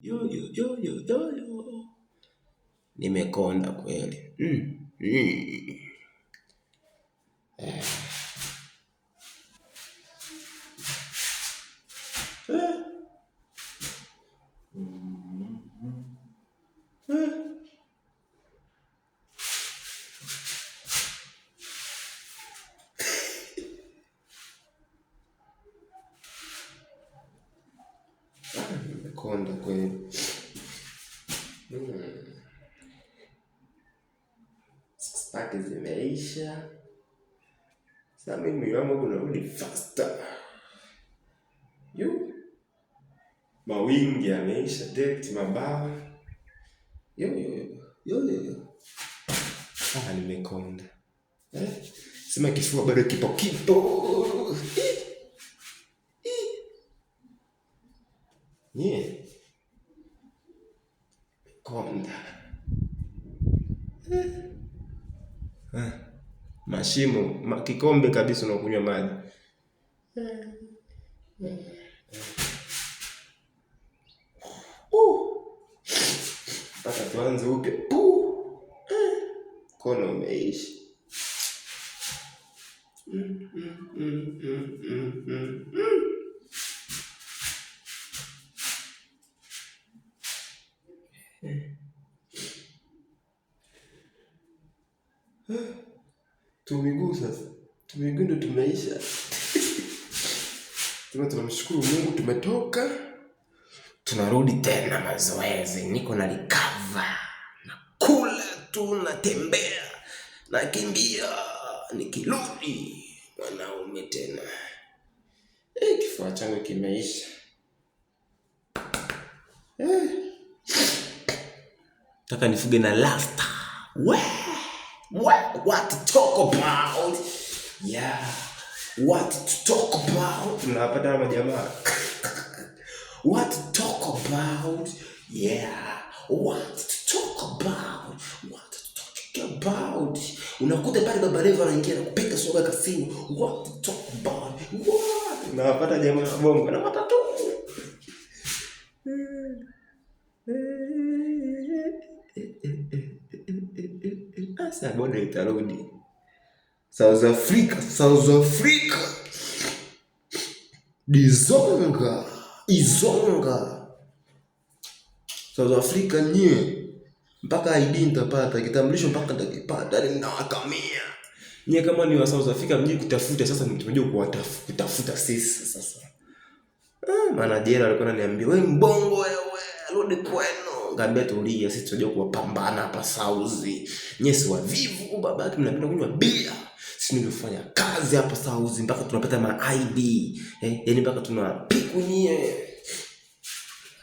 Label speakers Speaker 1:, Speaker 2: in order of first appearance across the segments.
Speaker 1: yo yo yo. Nimekonda kweli.
Speaker 2: Mm. Mm. Eh. Eh. Mm.
Speaker 1: Eh. Konda kweli. Hmm. zimeisha. Sasa mimi mwili wangu unarudi faster. Yu. Mawingi yameisha direct mabawa. Yo yo yo. Yo yo Ah, nimekonda. Eh? Sema kifua bado kipo kipo. Nie. Konda. Eh. da. Eh. Mashimo, ma, kikombe kabisa unakunywa maji. Mpaka uh. tuanze upya. Uh. Eh. Kono umeishi. mm, Mm, mm, mm, mm, mm, mm. Tumiguu sasa, tumiguu ndo tumeisha. Tuna tunamshukuru Mungu, tumetoka tunarudi tena mazoezi, niko na na kula tu, natembea, nakimbia, nikirudi mwanaume tena. Eh, kifua changu kimeisha eh. Taka nifuge na lasta we What, what to talk about? Yeah. What to talk about? Tunapata majamaa. What to talk about? Yeah. What to talk about? What to talk about? Unakuta pale Baba Levo anaingia na kupiga soga kafimu. What to talk about? What? jamaa bongo. sasa bwana itarudi South Africa, South Africa dizonga izonga South Africa nye mpaka ID nitapata kitambulisho mpaka nitakipata, yani nawakamia nye kama ni wa South Africa mji kutafuta sasa, mtumejua kuwatafuta sisi sasa. Ah, eh, maana alikuwa ananiambia wewe mbongo wewe, rudi kwenu Kaambia tulia, sisi tunajua kuwapambana hapa sauzi. Nyesi wavivu, baba yake mnapenda kunywa bia. Sisi tunafanya kazi hapa sauzi mpaka tunapata ma ID. Eh, yani mpaka tunapiku nyie.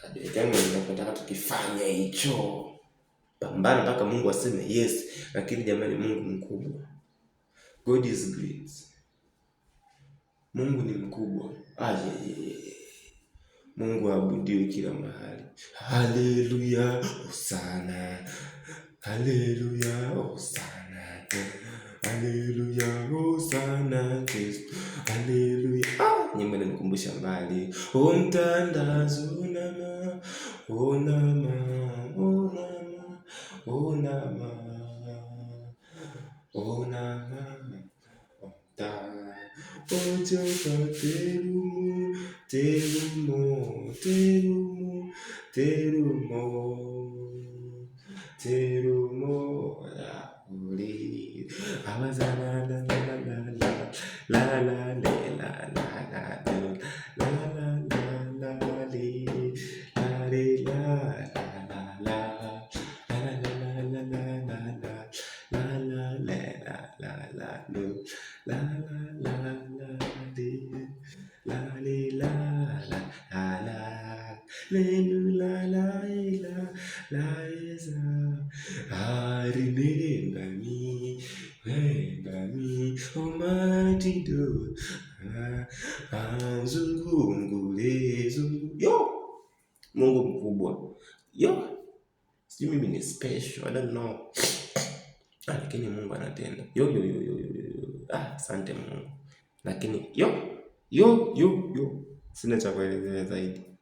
Speaker 1: Hadithi yangu ninataka tukifanya hicho. Pambana mpaka Mungu aseme yes, lakini jamani, Mungu mkubwa. God is great. Mungu ni mkubwa. Aje. Ah, yeah, yeah, yeah. Mungu aabudiwe kila mahali. Haleluya, hosana. Haleluya, hosana. Haleluya, hosana Kristo. Haleluya. Ah, nyimbo inanikumbusha mbali. O oh, mtandazo, unama, oh, unama, oh, unama, unama. terumo, terumo, terumo, terumo, terumo, terumo, terumo, terumo, terumo, terumo, terumo, terumo, terumo, terumo, Alinilinda mimi, zungu. Yo! Mungu mkubwa. Yo! Sijui mimi ni special, I don't know. Ah, lakini Mungu anatenda. Yo, yo, yo, yo, yo. Ah, Mungu. Lakini, yo! Yo, yo, yo. Sina cha kuelezea zaidi.